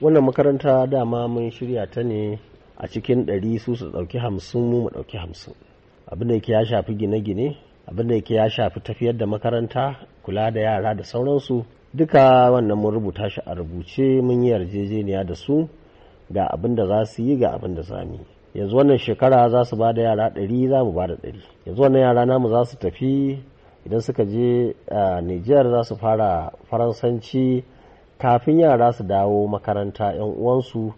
wannan makaranta dama mun shirya ta ne a cikin ɗari su su ɗauki hamsin mu mu ɗauki hamsin abin yake ya shafi gine-gine abin yake ya shafi tafiyar da makaranta kula da yara da sauransu duka wannan mun rubuta shi a rubuce mun yi yarjejeniya da su ga abin da za su yi ga abin da za mu yanzu wannan shekara za su ba da yara ɗari za mu ba da ɗari yanzu wannan yara namu za su tafi idan suka je a nijiyar za su fara faransanci kafin yara su dawo makaranta 'yan uwansu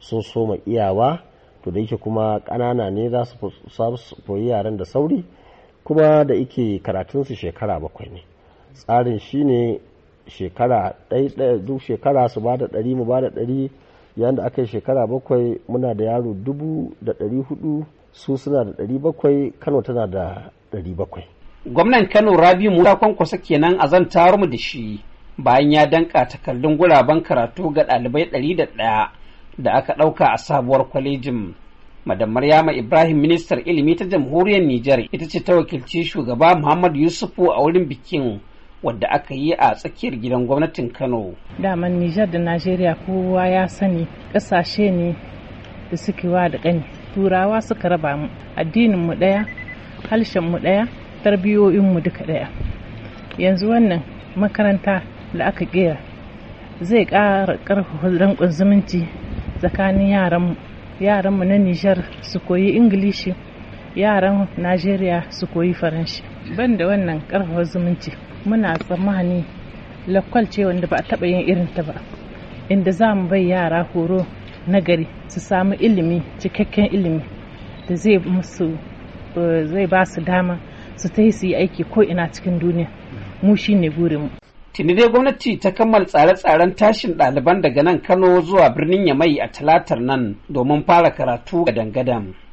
sun soma iyawa to da yake kuma ƙanana ne za su koyi yaran da sauri kuma da ike karatunsu shekara bakwai ne tsarin shine shekara duk shekara su ba da ɗari mu ba da ɗari yayin aka yi shekara bakwai muna da yaro dubu da ɗari hudu su suna da ɗari bakwai kano tana da ɗari bakwai gwamnan kano rabi mu ta kwankwasa kenan a zan mu da shi bayan ya danka takardun guraben karatu ga ɗalibai ɗari da ɗaya da aka ɗauka a sabuwar kwalejin. Madam Maryama Ibrahim ministar ilimi ta jamhuriyar Nijar ita ce ta wakilci shugaba Muhammad Yusufu a wurin bikin wadda aka yi a tsakiyar gidan gwamnatin Kano. Daman Nijar da Najeriya kowa ya sani ƙasashe ne da suke wa da ƙani. Turawa suka raba mu addinin mu ɗaya, harshen mu ɗaya, tarbiyoyin mu duka ɗaya. Yanzu wannan makaranta da aka kera zai ƙara ƙarfafa danƙon zumunci tsakanin yaranmu mu na nijar su koyi ingilishi yaran najeriya su koyi faranshi ban da wannan ƙarfafa zumunci muna tsammani lakwal ce wanda ba a taɓa yin irin ta ba inda za mu bai yara horo na gari su samu ilimi cikakken ilimi da zai musu eh, ba su dama su ta yi su yi aiki ko ina cikin duniya mu shine burinmu tuni dai gwamnati ta kammala tsare-tsaren tashin ɗaliban daga nan kano zuwa birnin yamai a talatar nan domin fara karatu gadan-gadan